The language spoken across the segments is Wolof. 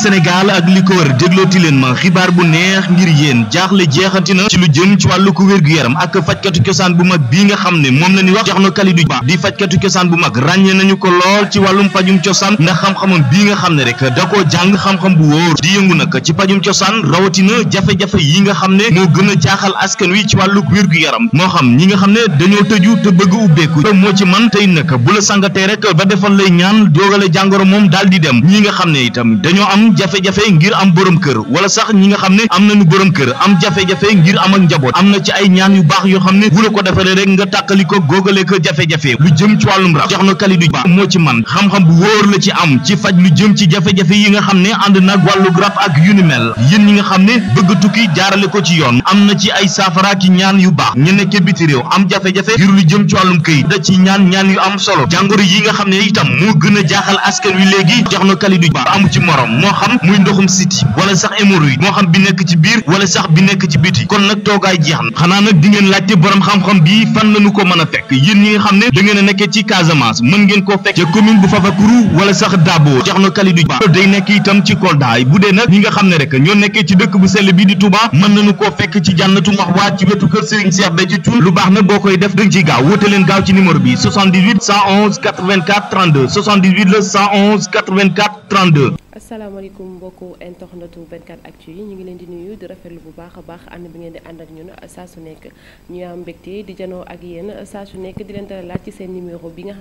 Sénégal ak li ko wër déglooti leen ma xibaar bu neex ngir yéen jaaxle jeexanti na ci lu jëm ci wàllu ko wér-gu-yaram ak fajkatu cosaan bu mag bii nga xam ne moom la ñuy wax Cheikhna Khalidou Ba di fajkatu cosaan bu mag ràññee nañu ko lool ci wàllum pajum cosaan ndax xam-xamam bii nga xam ne rek da koo jàng xam-xam bu wóor di yëngu nag ci pajum cosaan rawatina jafe-jafe yi nga xam ne moo gën a jaaxal askan wi ci wàllu wér-gu-yaram moo xam ñi nga xam ne dañoo tëju te bëgg ubbeeku moo ci man tey nag bu la sangatee rek ba defal lay ñaan doogale jàngoro moom daal di dem ñi nga xam am jafe-jafe ngir am borom kër wala sax ñi nga xam ne am na nañu borom kër am jafe-jafe ngir am ak njaboot am na ci ay ñaan yu baax yoo xam ne bu ne ko defaree rek nga tàqali ko góogale ko jafe-jafe lu jëm ci wàllum rab jox na Kalidou Ba moo ci man xam bu wóor la ci am ci faj lu jëm ci jafe-jafe yi nga xam ne ànd nag wàllu rab ak yu ni mel yéen ñi nga xam ne bëgg tukki jaarale ko ci yoon am na ci ay saafara ki ñaan yu baax ñu nekk biti réew am jafe-jafe ngir lu jëm ci wàllum këyit da ci ñaan ñaan yu am solo jàngoro yi nga xam ne itam moo gën a jaaxal askan wi léegi jox na Kalidou Ba amu ci morom xam muy ndoxum siti wala sax hémorroïde moo xam bi nekk ci biir wala sax bi nekk ci biti kon nag toogaay jeex na xanaa nag di ngeen laajte borom xam-xam bii fan lañu ko mën a fekk yéen ñi nga xam ne da ngeen a nekkee ci Casamance mën ngeen koo fekk ca commune bu Fafakuru wala sax Dabo Thierno Kalidou Ba day nekk itam ci Kolda bu dee nag ñi nga xam ne rek ñoo nekkee ci dëkk bu sell bi di Touba mën nañu koo fekk ci jànnatu maxwaa ci wetu kër Serigne Cheikh Béthio Thioune lu baax nag boo koy def dëgg ci gaaw wóote leen gaaw ci numéro bi 78 111 84 32 78 la 111 84 32 salaamaaleykum mbokku internetu 24 actu yi ñu ngi leen di nuyu di rafetlu bu baax a baax ànd bi ngeen di ànd ak ñun saa su nekk ñu am mbégte di janoo ak yéen saa su nekk di leen dalalaat ci seen numéro bi nga.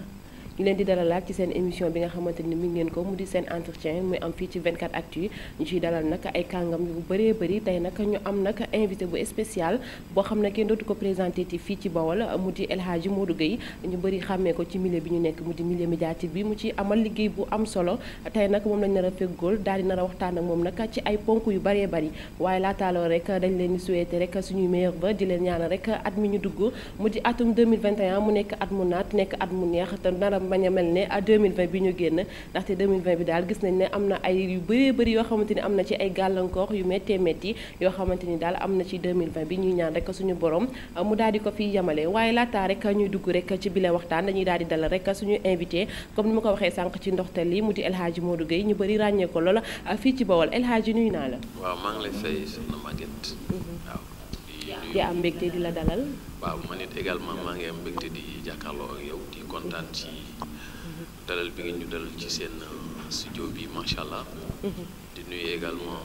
ñu leen di dalalaat ci seen émission bi nga xamante ni mi ngi leen ko mu di seen entretien muy am fii ci 24 actu yi ñu ciy dalal nag ay kàngam yu bëree bëri tey nag ñu am nag invité bu spécial boo xam ne kenn dootu ko présenté ti fii ci Bawol mu di El Hadji dugg Gueye ñu bëri xàmmee ko ci mille bi ñu nekk mu di milieu médiatique bi mu ci amal liggéey bu am solo tey nag moom lañ nar a feggool daal di nar a waxtaan ak moom nag ci ay ponk yu bëree bëri waaye laataaloo rek dañ leen di souhaité rek suñuy meilleur ba di leen ñaanal rek at mi ñu dugg mu di atum 2021 mu nekk at mu naat nekk at mu neex bañ a mel ne à 2020 bi ñu génn ndaxte 2020 bi daal gis nañ ne am na ay yu bëree bëri yoo xamante ni am na ci ay gàllankoor yu méttee métti yoo xamante ni daal am na ci 2020 bi ñuy ñaan rek suñu borom euh, mu daal di ko fi yemale waaye laataa rek ñuy dugg rek ci bile waxtaan dañuy daal di dal rek suñu invité comme ni ma ko waxee sànq ci ndoxtal li mu di El Hadji Modou Gueye ñu bëri ràññee ko lool euh, fii ci Bawol El Hadji nuyu naa la. waaw maa ngi mm-hmm. di la dalal. kontaan ci dalal bi ngeen ñu dalal ci seen euh, studio bi macha allah. di nuyu également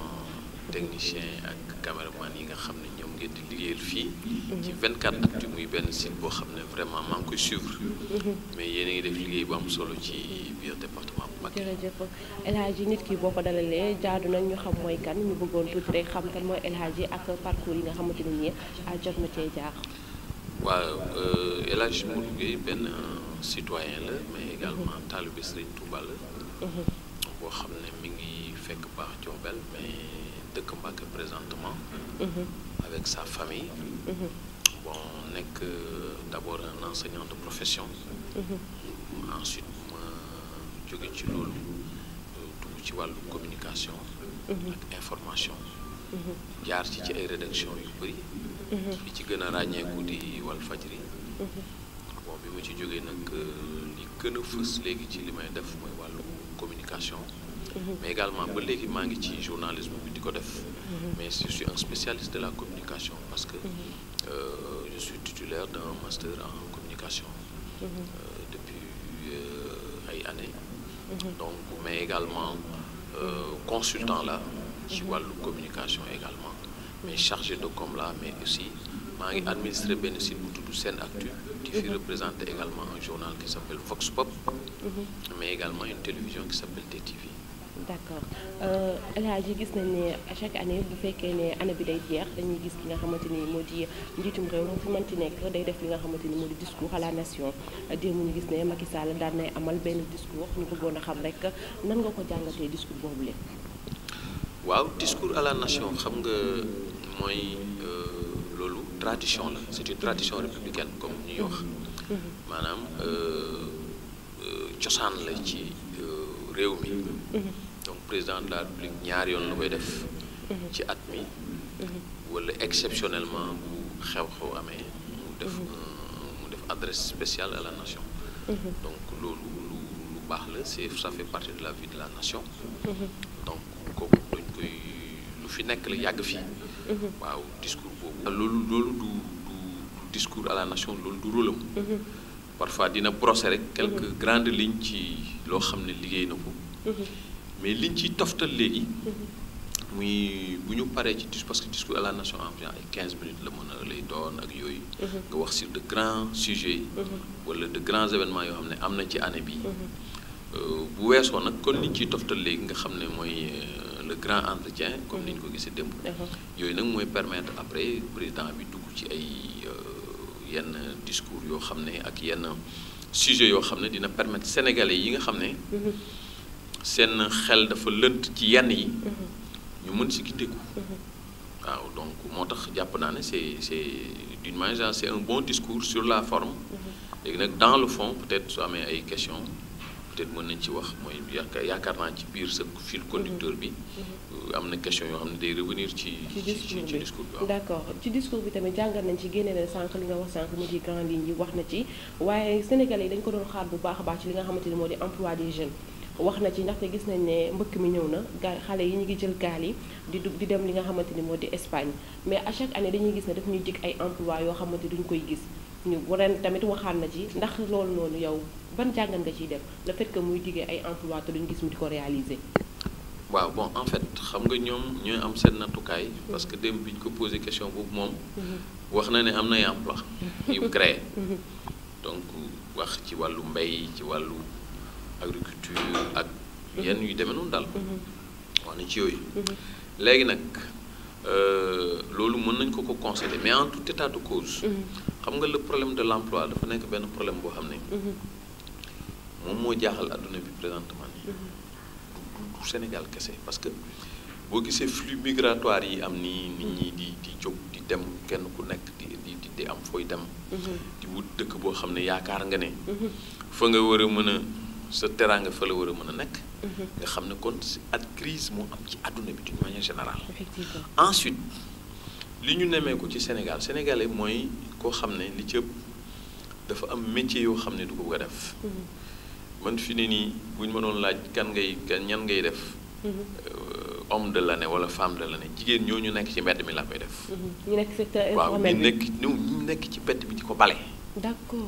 technicien ak caméraman yi nga xam ne ñoom ngeen di liggéeyal fii. ci 24 actu muy benn site boo xam ne vraiment maa ngi koy suivre. mais yéen a ngi def liggéey boo am solo ci biir département bu Mbacké. jërëjëf nit ki boo ko dalalee jaadu nañ ñu xam mooy kan ñu bëggoon tuuti rek xam kan mooy El ak parcours yi nga xamante ne nii jot na cee jaar. waaw euh, El Hadji mu liggéey citoyen la mais également taalibe Sëriñ Tuuba la mhm. boo xam ne mi ngi fekk baax Diourbel mais dëkk Mbàkke présentement mhm. avec sa famille mhm. bon nekk euh, d'abord un enseignant de profession ensuite ma jóge ci loolu euh, dugg ci wàllu communication ak information jaar ci ci ay rédaction yu bëri bi ci gën a ràññeeku di Walfadjri bi ma ci jógee nag euh, li gën fës léegi ci li may def mooy wàllu communication. Mhm. mais également ba léegi maa ngi ci journalisme bi di ko def. Mhm. mais je suis un spécialiste de la communication parce que mhm. euh, je suis titulaire d'un master en communication. Euh, depuis euh, ay années. donc mais également euh, consultant la ci wàllu communication également mais chargé de comme la mais aussi. maa ngi administré benn site bu tudd SENactu qui fi représente également un journal qui s'appelle Vox Pop mhm. mais également une télévision qui s'appelle TTV d'accord euh, El Hadj gis nañ ne à chaque année bu fekkee ne année bi day jeex dañuy gis ki nga xamante ni moo di njiitum réew mu fi mënti nekk day def li nga xamante ni moo di discours a la nation démb ñu gis ne Macky Sall daan nay amal benn discours ñu bëggoon a xam rek nan nga ko jàngatee discours boobu la waaw discours à la nation nga mooy euh, tradition la c'est une tradition républicaine comme ñuy wax mm-hmm. maanaam euh, euh, cosaan la ci euh, réew mi mm-hmm. donc président de la république ñaar yoon la koy def mm-hmm. ci at mi wala exceptionnellement bu xew-xew amee mu def mu def adresse la nation donc loolu lu baax la c'est ça fait partie de la vie de la nation donc kooku dañ koy lu fi nekk la yàgg fii Mm-hmm. waaw discours boobu. loolu loolu du du discours à la nation loolu du rôle mm-hmm. parfois dina brosser rek mm-hmm. quelques grandes lignes ci loo xam ne liggéey na ko. mais liñ ciy toftal léegi. muy bu ñu paree ci parce que discours à la nation en général ay 15 minutes la mën a lay doon ak yooyu. nga wax sur de grands sujets yi. wala de grands événements yoo xam ne am na ci année bi euh, bu weesoo nag kon liñ ciy toftal léegi nga xam ne mooy. Euh, le grand entretien comme ni ñu ko gisee démb. yooyu nag mooy permettre après président bi dugg ci ay euh, yenn discours yoo xam ne ak yenn sujet yoo xam ne dina permettre sénégalais yi nga xam ne. Mm-hmm. seen xel dafa lënt ci yenn yi. Mm-hmm. ñu mën si gindeeku. Mm-hmm. waaw donc moo tax jàpp naa ne c'est c'est d'une manière c'est un bon discours sur la forme. léegi nag dans le fond peut-être su amee ay questions. te être mën nañ ci wax mooy yaakaar naa ci biir sa fil conducteur bi. Mm-hmm. am na question yoo xam ne ci. ci bi d'accord ci nañ ci génne sànq li nga wax sànq mu di grande ligne wax na ci waaye sénégalais yi dañ ko doon xaar bu baax a baax ci li nga xamante ni moo di emploi des jeunes. wax na ci ndaxte gis nañ ne mbëkk mi ñëw na gaal xale yi ñu ngi jël gaal yi di di dem li nga xamante ni moo di Espagne mais à chaque année dañuy gis ne daf ñuy jik ay emploi yoo xamante duñ koy gis. ñu ren tamit waxaan na ci ndax loolu noonu yow ban jàngat nga ciy def le fait que muy diggee ay emploi te duñu gis mu di ko réaliser. waaw bon en fait xam nga ñoom ñooy am seen nattukaay mm-hmm. parce que démb bi ñu ko posé question boobu moom. Mm-hmm. wax na ne am na ay emploi mm-hmm. yu créé. donc wax ci wàllu mbay ci wàllu agriculture ak yenn yu demee noonu daal. wax nañ ci yooyu. léegi nag euh, loolu mën nañ ko ko constater mais en tout état de cause. xam nga le problème de l' emploi dafa nekk benn problème boo xam ne. Mm-hmm. moom moo jaaxal àdduna bi présentement nii. Mm-hmm. du Sénégal kese parce que boo gisee flux migratoire yi am nii nit ñi di di jóg di dem kenn ku nekk di di am fooy dem. Mm-hmm. di dëkk boo xam ne yaakaar nga ne. fa nga war a mën a sa teraanga fa la war a mën a nekk. nga xam ne kon si at crise moo am ci àdduna bi d'une manière générale. ensuite li ñu nemee ko ci Sénégal sénégalais mooy. koo xam ne li ci dafa am métier yoo xam ne du ko ko def. Mm-hmm. man fi ne nii bu mënoon laaj kan ngay kan ñan ngay def. Mm-hmm. Euh, homme de l'année wala femme de l'année jigéen ñooñu nekk ci mbedd mi laa koy def. Mm-hmm. ñu waaw ñu nekk ñu nekk ci mbedd bi di ko bale. d'accord.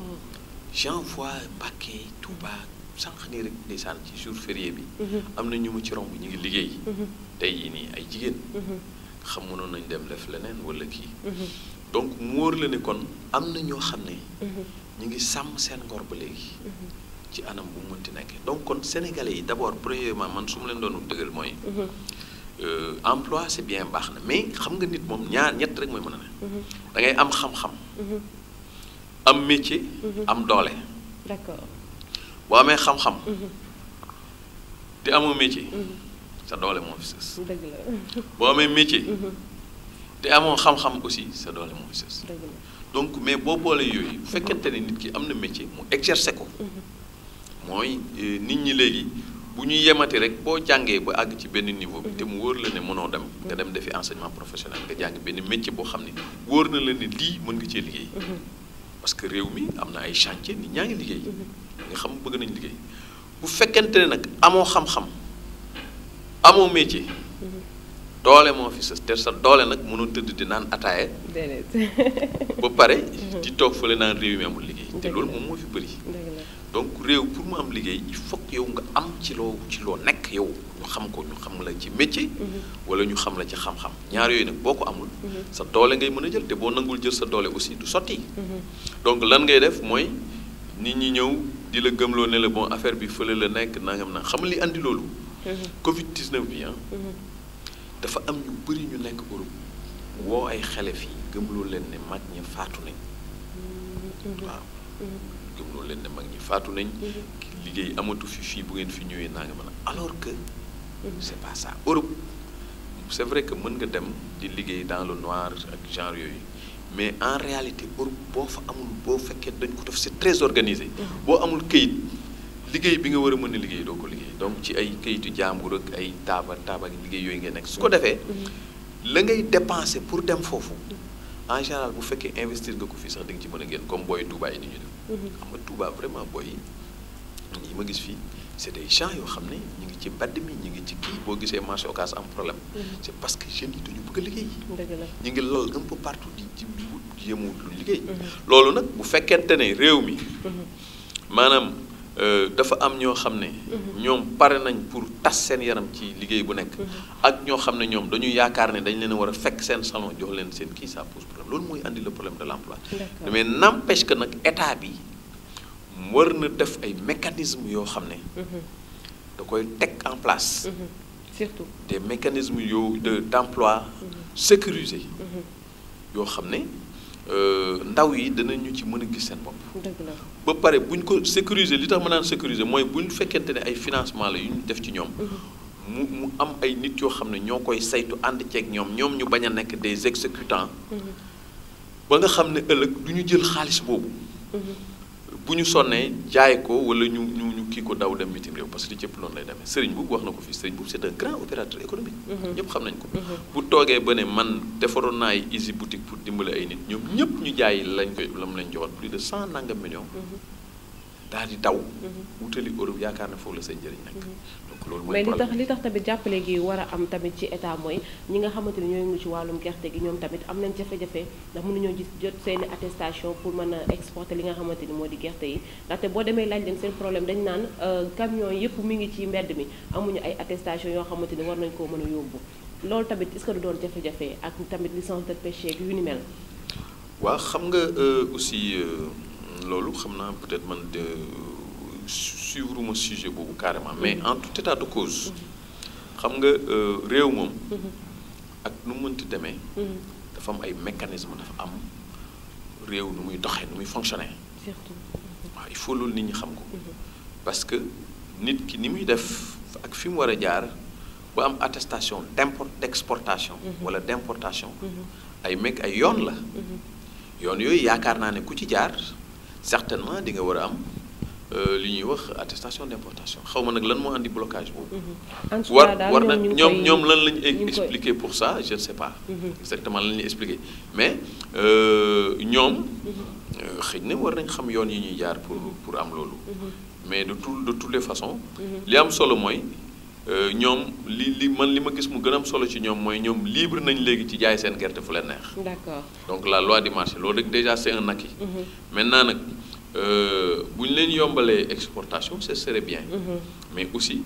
j'envoie Mbacké Touba sànq nii rek ndeysaan ci jour férié bi. am na ñu mu ci romb ñu ngi liggéey. tey jii nii ay jigéen. xam mënoon nañ dem def leneen wala kii. donc mu wóor la ne kon am na ñoo xam ne. Mhm. ñu ngi sàmm seen ngor ba léegi. Mhm. ci anam bu mu mënti nekk donc kon sénégalais yi d' abord premièrement man su ma leen doon dëggal mooy. Mhm. Euh, emploi c' est bien baax na mais xam nga nit moom ñaar ñett rek mooy mën na ne. da ngay am xam-xam. am métier. am doole. boo amee xam-xam. te amoo métier. sa doole moo fi sës. dëgg la boo amee métier. te amoo xam-xam aussi sa doole mooy donc mais boo boolee yooyu bu fekkente ne nit ki am na métier mu exercer ko mhm. mooy euh, nit ñi léegi bu ñu yemati rek boo jàngee ba àgg ci benn niveau bi mhm. te mu wóor la ne mënoo dem nga mhm. dem defi enseignement professionnel nga jàng benn métier boo xam ne wóor na la ne lii mën nga cee liggéey parce que réew mi am na ay chantier nit ñaa ngi liggéey nga xam bëgg nañ liggéey bu fekkente ne nag amoo xam-xam amoo métier doole moo fi sës te sa doole nag mënul tëdd di naan ataaye ba pare mhm. di toog fële naan réew mi amul liggéey te loolu moom moo fi bëri donc réew pour mu am liggéey il faut yow nga am ci loo ci loo nekk yow ñu xam ko ñu xam la ci métier mhm. wala ñu xam la ci xam-xam ñaar yooyu nag boo ko amul mhm. sa doole ngay mën a jël te boo nangul jël sa doole aussi du sotti donc lan ngay def mooy nit ñi ñëw di la gëmloo ne la bon affaire bi fële la nekk naa nangam na xam li andi loolu covid 19 dafa am ñu bëri ñu nekk Europe woo ay xale fii gëmloo leen ne mag ñi faatu nañ waaw gëmloo leen ne mag ñi faatu nañ liggéey amatu fi fii bu ngeen fi ñëwee naa nga mën a alors que c'est pas ça Europe c'est vrai que mën nga dem di liggéey dans le noir ak genre yooyu mais en réalité Europe boo fa amul boo fekkee dañ ko def c'est très organiser mm-hmm. boo amul kayit liggéey bi nga war a mën a liggéey doo ko liggéey donc ci ay kayitu jàmbur ak ay taaba yi liggéey yooyu ngeen nekk su ko defee mm-hmm. la ngay dépenser pour dem foofu en général bu fekkee investir nga ko fii sax di nga ci mën a génn comme booy Touba yi ni ñu def mm-hmm. gis fii est des yoo xam ne ñu ngi ci mbedd mi ñu ngi ci kii boo gisee marché occas am mm-hmm. parce que jeunes yi dañu bëgg ngi lol un peu partout di ci wut lu liggéey loolu nag bu fekkente ne réew mi maanaam Euh, dafa am ñoo xam ne. Mhm. ñoom pare nañ pour tas seen yaram ci liggéey bu nekk. Mhm. ak ñoo xam ne ñoom dañuy yaakaar ne dañ leen war a fekk seen salon jox leen seen kii ça pose problème loolu mooy andi le problème de l' emploi. mais n'empêche que nag état bi war na def ay mécanismes yoo xam ne. Mhm. da koy teg en place. surtout des mécanismes yoo de d' emploi yoo xam ne. Euh, ndaw yi danañu ci mën a gis seen bopp. ba pare bu ñu ko sécuriser li tax ma naan sécuriser mooy bu ñu fekkente ne ay financement la yu ñu def ci ñoom. Mm-hmm. mu mu am ay nit yoo xam ne ñoo koy saytu ànd ceeg ñoom ñoom ñu bañ a nekk des exécutants. Mm-hmm. ba nga xam ne ëllëg du ñu jël xaalis boobu. Mm-hmm. bu ñu sonnee jaay ko wala ñu ñu ñu kii ko daw dem bitim réew parce que li cëpp loolu lay demee Serigne Boub wax na ko fii Serigne Boub c'est un grand opérateur économique. Mm-hmm. ñëpp xam nañ ko. Mm-hmm. bu toogee ba ne man defaroon naa ay easy boutique pour dimbale ay nit ñoom ñëpp ñu jaay lañ koy lam lañ joxoon plus de cent nangam millions. Mm-hmm. daal di daw. wutali Europe yaakaar ne foofu la seen njëriñ nekk. loolu mooy li tax li tax tamit jàppale gi war a am tamit ci état mooy ñi nga xamante ni ñoo ngi ci wàllum gerte gi ñoom tamit am nañ jafe-jafe ndax mënuñoo gis jot seeni attestation pour mën a exporter li nga xamante ni moo di gerte yi ndaxte boo demee laaj leen seen problème dañ naan euh, camion yëpp mi ngi ci mbedd mi amuñu ay attestation yoo xamante ni war nañ koo mën a yóbbu loolu tamit est-ce que du doon jafe-jafe ak tamit licence de pêche yeeg yu ni mel waaw xam nga euh, aussi euh, loolu suivre ma sujet boobu carrément mais en tout état de cause xam nga euh, réew moom ak nu mu mënti demee dafa am ay mécanisme dafa am réew nu muy doxee nu muy fonctionner waaw i faut loolu nit ñi xam ko mhm. parce que nit ki ni muy def ak fi mu war a jaar bu am attestation d'import d'exportation mhm. wala d'importation mhm. ay mekk ay yoon la yoon yooyu yaakaar naa ne ku ci jaar certainement di nga war a am Euh, li ñuy wax attestation d'importation xaw ma nag lan moo andi blocage boobu. Mhm. war war na ñoom ñoom lan la ñu expliquer pour ça je ne sais pas. Mhm. exactement lan la ñuy expliquer mais euh, ñoom. Mhm. Euh, xëy ne war nañ xam yoon yi ñuy jaar pour pour am loolu. mais de tout de toutes les façons. li am solo mooy ñoom li li man li ma gis mu gën am solo ci ñoom mooy ñoom libre nañ léegi ci jaay seen gerte fu leen neex. d'accord donc la loi du marché loolu rek déjà seen un acquis. maintenant nag. Euh, bu ñu leen yombalee exportation ce serait bien. Mm-hmm. mais aussi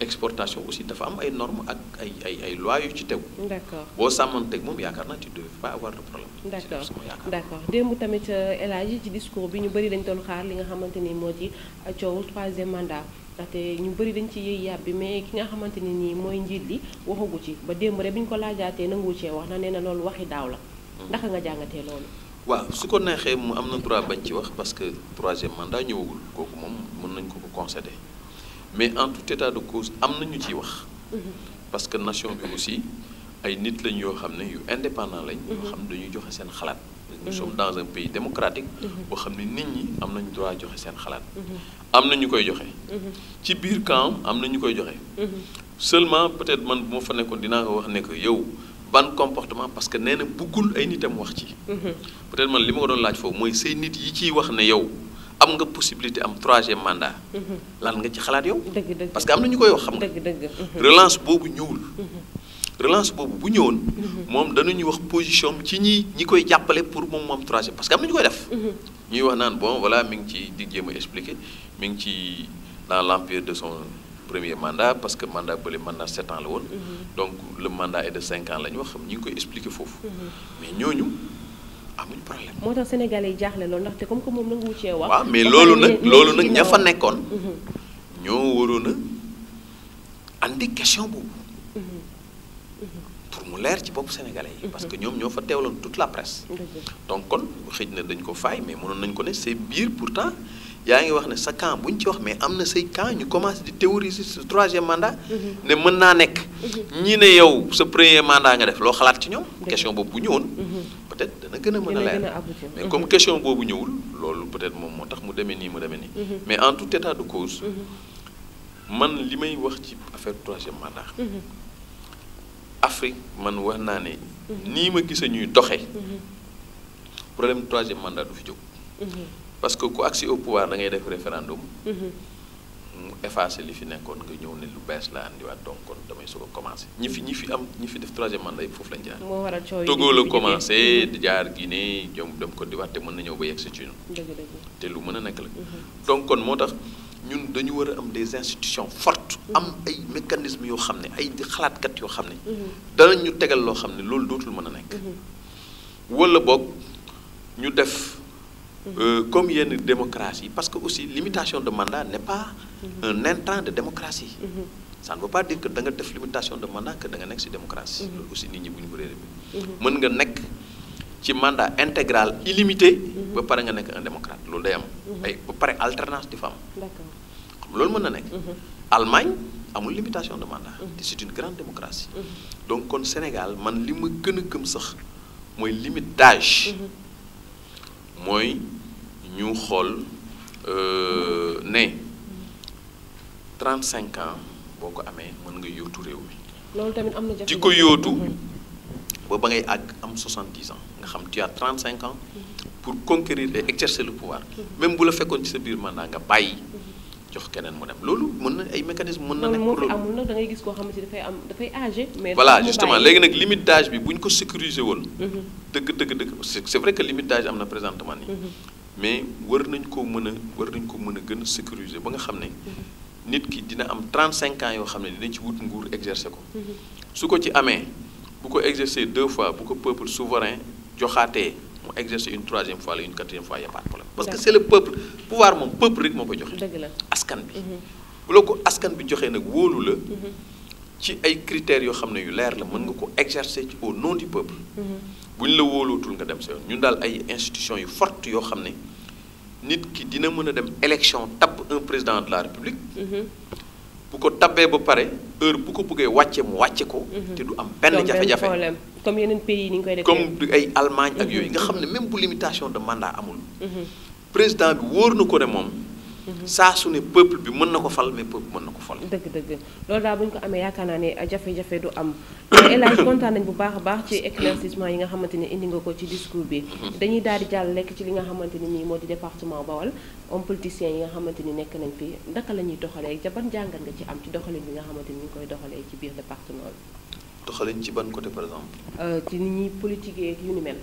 exportation aussi dafa am ay norme ak ay ay ay lois yu ci tegu. d'accord boo sàmmanteeg moom yaakaar naa tu ne devais pas avoir de problème. d'accord d'accord démb tamit euh, El Hadji ci discours bi ñu bëri dañ doon xaar li nga xamante ni moo ci euh, coowu troisième mandat. ndaxte ñu bëri dañ ci yëy bi mais ki nga xamante ne nii mooy njiit li waxagu ci ba démb rek bi ñu ko laajaatee nangu cee wax na nee na loolu waxi daaw la. Mm-hmm. ndax nga jàngatee loolu. waaw su ko neexee mu am na droit bañ ci wax parce que troisième mandat ñëwagul kooku moom mën nañ ko ko concéder mais en tout état de cause am na ñu ciy wax. Mm-hmm. parce que nation bi aussi ay nit lañ yoo xam ne yu indépendant lañ. yoo mm-hmm. xam ne dañuy joxe seen xalaat. nous mm-hmm. sommes dans un pays démocratique. boo xam ne nit ñi am nañu droit joxe seen xalaat. am na ñu koy joxe. ci biir camp am na ñu koy joxe. seulement peut-être man bu ma fa nekkoon dinaa ko wax ne que yow. ban comportement parce que nee na buggul ay nitam wax ci. Mm-hmm. peut-être man li ma ko doon laaj foofu mooy say nit yi ciy wax ne yow am nga possibilité am troisième mandat. Mm-hmm. lan nga ci xalaat yow. dëgg dëgg parce que am na ñu koy wax xam nga. dëgg dëgg mm-hmm. relance boobu ñëwul. relance boobu bu ñëwoon. moom dana danañuy wax position ci ñi ñi koy jàppale pour moom moom troisième parce que am na ñu koy def. ñuy wax naan bon voilà mi ngi ci di jéem a expliquer mi ngi ci dans l'empire de son. premier mandat parce que mandat bële mandat sept ans la woon. Mhm. donc le mandat est de cinq ans la ñu wax xam ñi ngi koy expliquer foofu. Mhm. mais ñooñu amuñu problème. moo tax sénégalais yi jaaxle loolu ndaxte comme que moom la nga wuccee wax. waaw mais loolu nag loolu ña fa nekkoon. Mhm. ñoo waroon a andi question boobu. pour mu leer ci bopp sénégalais yi. parce que ñoom ñoo fa teewloon tout la presse. donc kon xëj na dañ ko faay mais mënoon nañ ko ne c'est biir pourtant. yaa ngi wax ne sa camp bu ñu ci wax mais am na say camp ñu commencé di théoriser sa troisième mandat. Mhm. ne mën naa nekk. Mhm. ñii ne yow sa premier mandat nga def loo xalaat ci ñoom. question boobu bu ñëwoon. Mhm. peut dana gën a mën a leer mais comme question boobu ñëwul loolu peut-être moom moo tax mu demee nii mu demee nii. mais en tout état de cause. man li may wax ci affaire troisième mandat. Afrique man wax naa ne. nii ma gis ñuy doxee. problème troisième mandat du fi jóg. parce que ku agsi au pouvoir da ngay def référendum. Mhm. mu effacé li fi nekkoon nga ñëw ne lu bees la indiwaat donc kon damay soog a commencé. ñi fi ñi fi am ñi fi def troisième mandat yëpp foofu lañ jaar. moo waral Togo la commencé mhm. di jaar Guinée ñoom dem ko diwaat te mën na ñëw ba yegg si te lu mën a nekk la. Mhm. donc kon moo tax ñun dañu war a am des institutions fortes. am ay mécanismes yoo xam ne ay xalaatkat yoo xam ne. danañ ñu tegal loo xam ne loolu dootul mën a nekk. wala boog ñu def. Euh, comme yenn démocratie parce que aussi limitation de mandat n'est pas mm-hmm. un intrant de démocratie mm-hmm. ça ne veut pas dire que nga def limitation de mandat que da nga nekk ci démocratie mm-hmm. loolu aussi mën nga nekk ci mandat intégral illimité ba pare nga nekk un démocrate loolu day am ay ba pare alternance di fa am xam loolu mën na nekk Allemagne amul limitation de mandat te c'est une grande démocratie donc kon Sénégal man li ma gën a gëm sax mooy limite d'âge mooy ñu xool euh, ne 35 ans boo ko amee mën nga yóotu réew mi. loolu tamit am na jafe-jafe di ko yóotu ba ba ngay àgg am 70 ans nga xam tu as 35 ans pour conquérir et exercer le pouvoir mm-hmm. même bu la fekkoon ci sa biir mandat nga bàyyi. jox keneen mu dem loolu mën na ay mécanisme mën na nekk pour loolu amul nag da gis koo xamante dafay am dafay âgé. mais voilà justement léegi nag limite bi bu ñu ko sécuriser woon. Mm-hmm. dëgg dëgg dëgg c'est vrai que limite d'âge am na présentement mais war nañ ko mën a war nañ ko mën a gën a sécuriser ba nga xam ne mhm. nit ki dina am cinq ans yoo xam ne dina ci wut nguur exercer ko mhm. su ko ci amee bu ko exercer deux fois bu ko peuple souverain joxaatee mu exercer une troisième fois la une quatrième fois y a pas de problème parce que c'est le peuple pouvoir moom peuple rek moo ko joxe askan bi mhm. bu la ko askan bi joxee nag wóolu la ci ay critères yoo xam ne yu leer la mën nga ko exercer ci au nom du peuple. Mm-hmm. bu ñu la wóolootul nga dem sa yoon ñun daal ay institutions yu fortes yoo xam ne nit ki dina mën a dem élection tabb un président de la république. Mm-hmm. bu ko tabbee ba pare heure bu ko bëggee wàcce mu wàcce ko. Mm-hmm. te du am benn jafe-jafe comme yeneen pays ni ñu koy defee comme ay Allemagne ak yooyu nga xam ne même bu limitation de mandat amul. président bi wóor na ko ne moom. saa su ne peuple bi mën na ko fal mais peuple mën na ko fal. dëgg dëgg loolu daal bu ñu ko amee yaakaar naa ne jafe-jafe du am El Hadj kontaan nañ bu baax a baax ci éclaircissement yi nga xamante ne indi nga ko ci discours bi mhm. dañuy daal di jàll lekk ci li nga xamante ne nii moo di département Bawol homme politicien yi nga xamante ni nekk nañ fi ndaka la ñuy doxalee ca ban jàngat nga ci am ci doxalin bi nga xamante ni ñu koy doxalee ci biir département bi. doxalin ci ban côté par exemple. Euh, ci ni ñuy politiquer ak yu ni mel.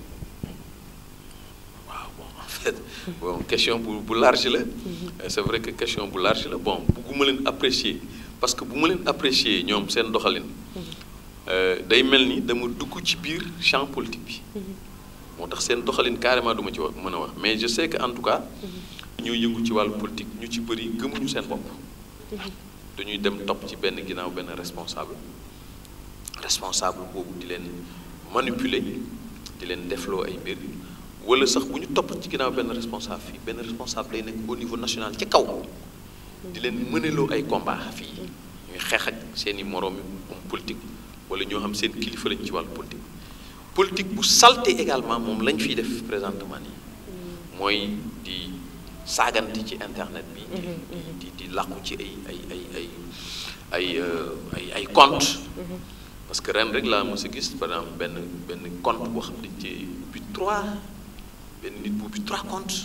fait bon question bu bu large la. Mhm. c' est vrai que question bu large la bon bugguma leen apprécier parce que bu ma leen apprécier ñoom seen doxalin. Mhm. Euh, day mel ni dama dugg ci biir champ politique bi. Mhm. moo tax seen doxalin carrément duma ci wax mën a wax mais je sais que en tout cas. ñuy yëngu ci wàllu politique ñu ci bëri gëmuñu seen bopp. dañuy dem topp ci benn ginnaaw benn responsable responsable boobu di leen manipuler di leen defloo ay mbir. wala sax bu ñu topp ci ginnaaw benn responsable fii benn responsable day nekk au niveau national ci kaw di leen mëneloo ay combat fii ñuy xeex ak seen i moroom am politique wala ñoo xam seen kilifa lañ ci wàllu politique. politique bu salte également moom lañ fiy def présentement nii mooy di saagante ci internet bi. di mhm, mhm. di di làqu ci ay ay ay ay ay euh, ay ay mhm. parce que ren rek laa mos a gis par exemple benn benn boo xam ne dañ cee trois. benn nit boobu trois comptes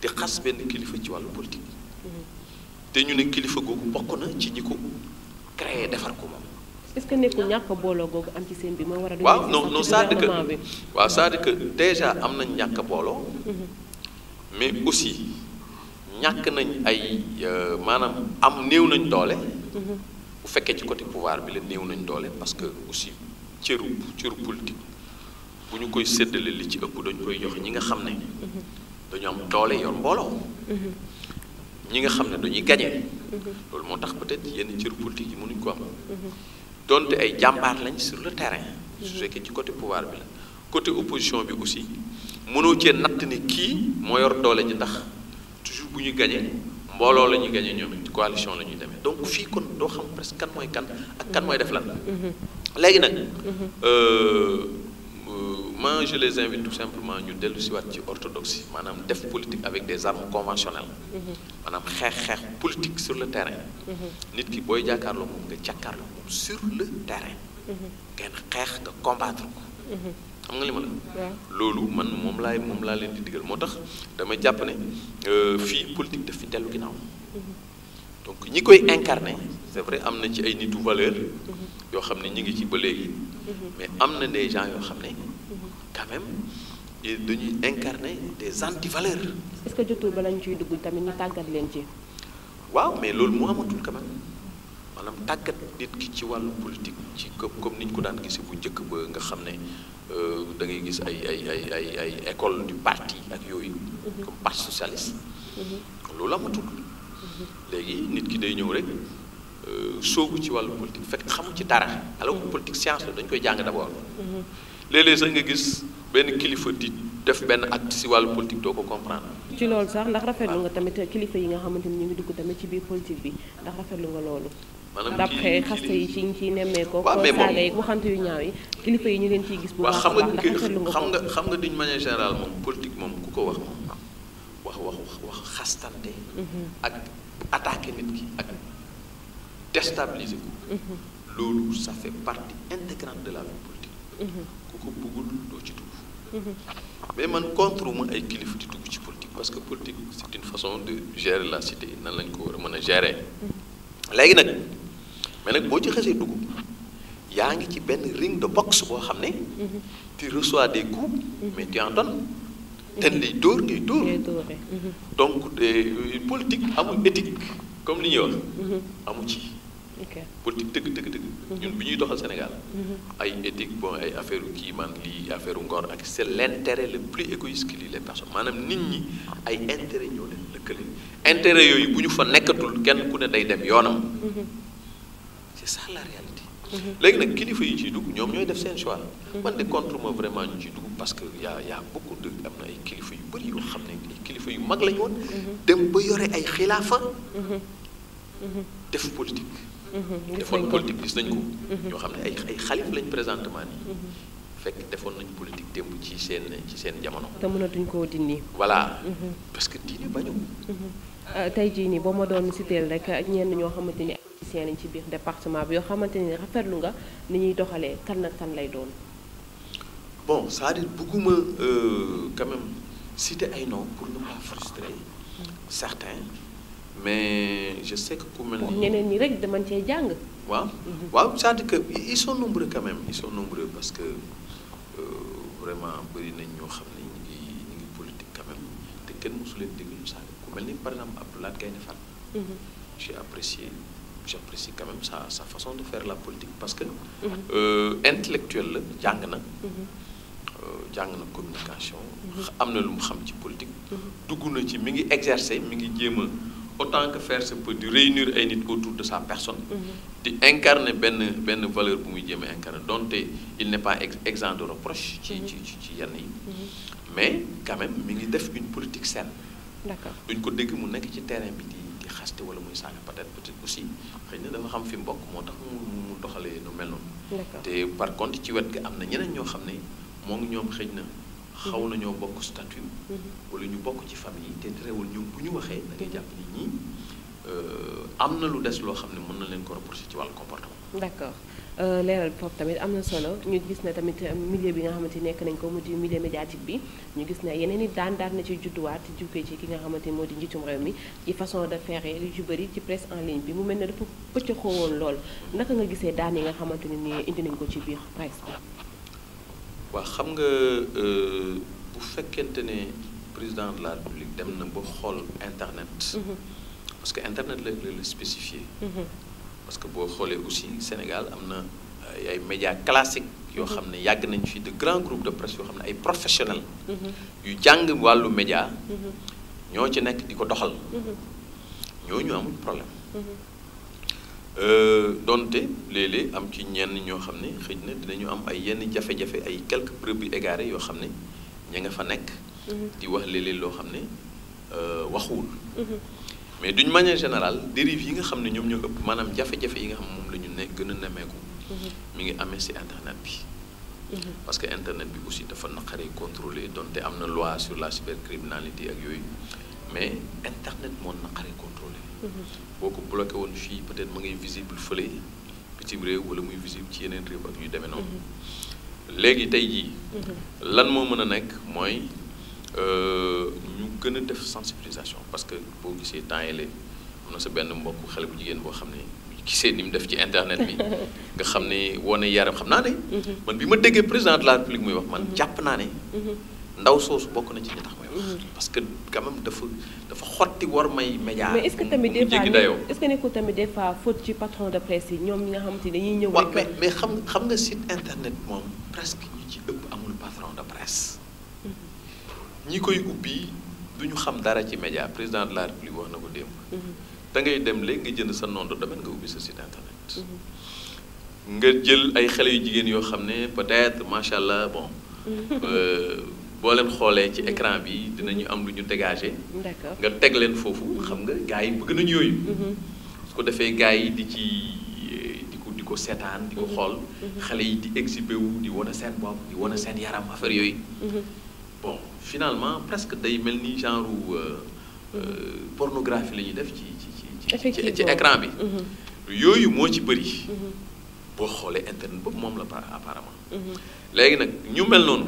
te mhm. xas benn kilifa ci wàllu politique mhm. te ñu ne kilifa googu bokk na ci ñi ko créé defar ko moom. est-ce que nekkul ñàkk booloo googu am ci seen bi moo war a. waaw non non c'est-à-dire que waaw cest à déjà am nañ ñàkk booloo. Mhm. mais aussi ñàkk nañ ay euh, maanaam am néew nañ doole. bu fekkee ci côté pouvoir bi la néew nañ doole parce que aussi cëru cëru politique. ñu koy séddale li ci ëpp dañu koy jox ñi nga xam ne dañu am doole yor mbooloo ñi nga xam ne dañuy gañee loolu moo tax peut-être yenn cër politique yi mënuñ ko am donte ay jàmbaar lañ sur le terrain su fekkee ci côté pouvoir bi la côté opposition bi aussi mënoo cee natt ni kii moo yor doole ji ndax toujours bu ñu gañee mbooloo la ñuy gañee ñoom ci coalition la ñuy demee donc fii kon doo xam presque kan mooy kan ak kan mooy def lan mhm. léegi nag mhm. euh, moi je les invite tout simplement ñu dellu si waat ci orthodoxie maanaam def politique avec des armes conventionnelles mhm. maanaam xeex-xeex politique sur le terrain mhm. nit ki booy jàkkaarloo moom nga jàkkaarloo moom sur le terrain mhm. ngeen xeex nga combattre ko xam nga li ma loolu man moom laay moom laa leen di digal moo tax dama jàpp ne euh, fii politique daf fi dellu ginnaaw donc ñi koy incarné c'est vrai am na ci ay nitu valeur yoo xam ne ñu ngi ci ba léegi mais am na des gens yoo xam ne quand même dañuy incarner des antivaleurs. est-ce que jotul ba lañ ciy dugg tamit ñu tàggat leen ci. waaw mais loolu moo amatul quand même maanaam tàggat nit ki ci wàllu politique ci comme ni ñu ko daan gisee bu njëkk ba nga xam ne euh, da ngay gis ay ay ay ay ay école du parti ak yooyu. Mhm. comme parti socialiste. Mhm. loolu amatul. Mhm. léegi nit ki day ñëw rek euh, soobu ci wàllu politique fekk xamu ci dara alors que politique science la dañ koy jàng d'abord. léeg sax nga gis benn kilifa di def benn acte si wàllu politique doo ko comprendre. ci loolu sax ndax rafetlu nga tamit kilifa yi nga xamante ni ñu ngi dugg tamit ci biir politique bi ndax rafetlu nga loolu. maanaam d'après xaste yi ci ci nemmeekoo. waaw mais moom yi waxante yu ñaaw yi kilifa yi ñu leen ciy gis. bu baax a baax ndax rafetlu nga xam nga xam nga d'une manière générale moom politique moom ku ko wax moom ah, wax wax wax wax xastante. Mhm. ak attaquer nit ki ak déstabiliser ko. Mhm. loolu ça fait partie intégrante ko bëggul doo ci dugg mhm. mais man contre ma ay kilifa di dugg ci politique parce que politique c'est une façon de gérer la cité nan lañ ko war a mën a gérer mhm. léegi nag mais nag boo ci xesee dugg yaa ngi ci benn ring de boxe boo xam ne mhm. tu reçois des coups mais tu en donnes te lay dóor ngay dóor donc euh, politique amul éthique comme li ñuy ci politique dëgg dëgg dëgg. Mhm. ñun bi ñuy doxal Sénégal. Mhm. ay éthique bon ay affaire u kii man lii affaire ngoor ngor ak c' est l' intérêt le plus égoïste qui lie les personnes maanaam nit ñi ay intérêt ñoo leen lëkkale intérêt yooyu bu ñu fa nekkatul kenn ku ne day dem yoonam. Mhm. c' est ça la réalité. léegi nag kilifa yu ciy dugg ñoom ñooy def seen choix. man de contre ma vraiment ñu ci dugg parce que y' a y' a am na ay kilifa yu bëri yoo xam ne kilifa yu mag lañu woon. dem ba yore ay xilaafa. def politique. Mhm. defoon politique gis nañ ko. ñoo mhm. xam ne ay ay xalif lañ présentement nii. Mhm. fekk defoon nañ politique démb ci seen ci seen jamono. te mënatuñ koo dindi. voilà parce que diine bañu. Euh, tey jii nii boo ma doon sitee rek ñenn ñoo xamante ni ay ci biir département bi yoo xamante ni rafetlu nga ni ñuy doxalee kan ak kan lay doon. bon c'est-à-dire bëgguma euh, quand même ay noms pour ne pas frustrer certains. mais je sais que ku mel ni. ñeneen ñi rek dama cee jàng. waaw mhm. waaw c'est-à-dire que ils sont nombreux quand même ils sont nombreux parce que euh, vraiment bëri nañ ñoo xam ne ñu ngi ñu ngi politique quand te kenn mosu leen dégg ñu saaga ku mel ni par exemple Abdoulaye Gaye Fall. Mhm. j'ai apprécié j'apprécie quand même sa sa façon de faire la politique parce que. Mhm. Euh, intellectuel la jàng na. Euh, jàng na communication. am na lu mu xam ci politique. dugg na ci mi ngi exercer mi ngi jéem autant que faire se peut di réunir ay nit autour de sa personne mm-hmm. di incarner benn benn valeur bu muy jéemee incarner donte il n'est pas exempt de reproche mm-hmm. ci ci ci yenn yi mm-hmm. mais quand même mi ngi def une politique saine d'accord duñ ko dégg mu nekk ci terrain bi di xaste wala muy saaga peut-être peut aussi xëy na dafa xam fi mbokk moo tax mu mu doxalee nu mel noonu te par contre ci wet gi am na ñeneen ñoo xam ne moo ngi ñoom xëy na xaw mhm. nañoo bokk statut mhm. wala ñu bokk ci famille te terewul ñoom bu ñu waxee da ngay mhm. jàpp euh, am na lu des loo xam ne mën na leen ko reproché ci wàllu comportement. d'accord euh, leeral foofu tamit am na solo ñu gis ne tamit euh, milieu bi nga xamante nekk nañ ko mu di milieu médiatique bi ñu gis ne yeneen i daan daan na ci judduwaat jugee ci ki nga xamante moo di njiitum réew mi ci façon de faire lu ci bëri ci presse en ligne bi mu mel ne dafa pëcc xoowoon lool naka nga gisee daan yi nga xamante ne nii indi nañ ko ci biir presse bi. waa xam nga euh, bu fekkente ne président de la république dem na ba xool internet. Mhm. parce que internet la la spécifié. Mhm. parce que boo xoolee aussi Sénégal am na ay médias classiques yoo mhm. xam ne yàgg nañ fi de grands groupes de presse yoo xam ne ay professionnels. yu jàng wàllu média. ñoo ci nekk di ko doxal. ñooñu amul problème. Euh, donte léeg am ci ñenn ñoo xam ne xëy na dinañu am ay yenn jafe-jafe ay quelques preuves yu égaré yoo xam ne ña nga fa nekk. Mhm. di wax léeg loo xam ne euh, waxul mhm. mais d'une manière général dérive yi nga xam ne ñoom ñoo ëpp maanaam jafe-jafe yi nga xam moom la ñu nekk gën a nemmeeku. Mhm. mi ngi amee si internet bi. parce que internet bi aussi dafa naqaree contrôler donte am na loi sur la cybercriminalité ak yooyu. mais internet moo naqaree contrôlé. Mhm. boo ko bloqué woon fii peut-être mu ngi visible fële bitim réew wala muy visible ci yeneen réew ak yu demee noonu. Mhm. léegi tey jii. Mhm. lan moo mën a nekk mooy euh, ñu gën a def sensibilisation parce que boo gisee temps yële am na sa benn mbokk xale bu jigéen boo xam ne. gisee ni mu def ci internet bi nga xam ne wone yaram xam naa ne man bi ma déggee président de la république muy wax man jàpp naa ne ndaw soosu bokk na ci ñi tax Mm-hmm. parce que quand dafa dafa xotti war may média mais est-ce que tamit des fois est-ce que nekkul tamit des fois faute ci patron de presse yi ñoom ñi nga xamante ni dañuy ñëw waaw mais mais xam nga site internet moom presque ñu ci ëpp amul patron de presse mm-hmm. ñi koy ubbi du ñu xam dara ci média président de la république wax na ko démb mm-hmm. da ngay dem léegi nga jënd sa nom de domaine nga ubbi sa site internet nga jël ay xale yu jigéen yoo xam ne peut-être macha allah bon euh, boo leen xoolee ci écran bi dinañu am lu ñu dégagé. nga teg leen foofu xam nga gars yi bëgg nañu yooyu. Mm-hmm. su ko defee gars yi di ci di ko di ko seetaan di ko mm-hmm. xool. Mm-hmm. xale yi di exhibé wu di wane seen bopp di wane seen yaram affaire yooyu. bon finalement presque day mel ni genre euh, euh, pornographie la ñuy def ci ci ci ci ci écran bi. yooyu moo ci bëri. boo xoolee internet boobu moom la apparemment. léegi nag ñu mel noonu.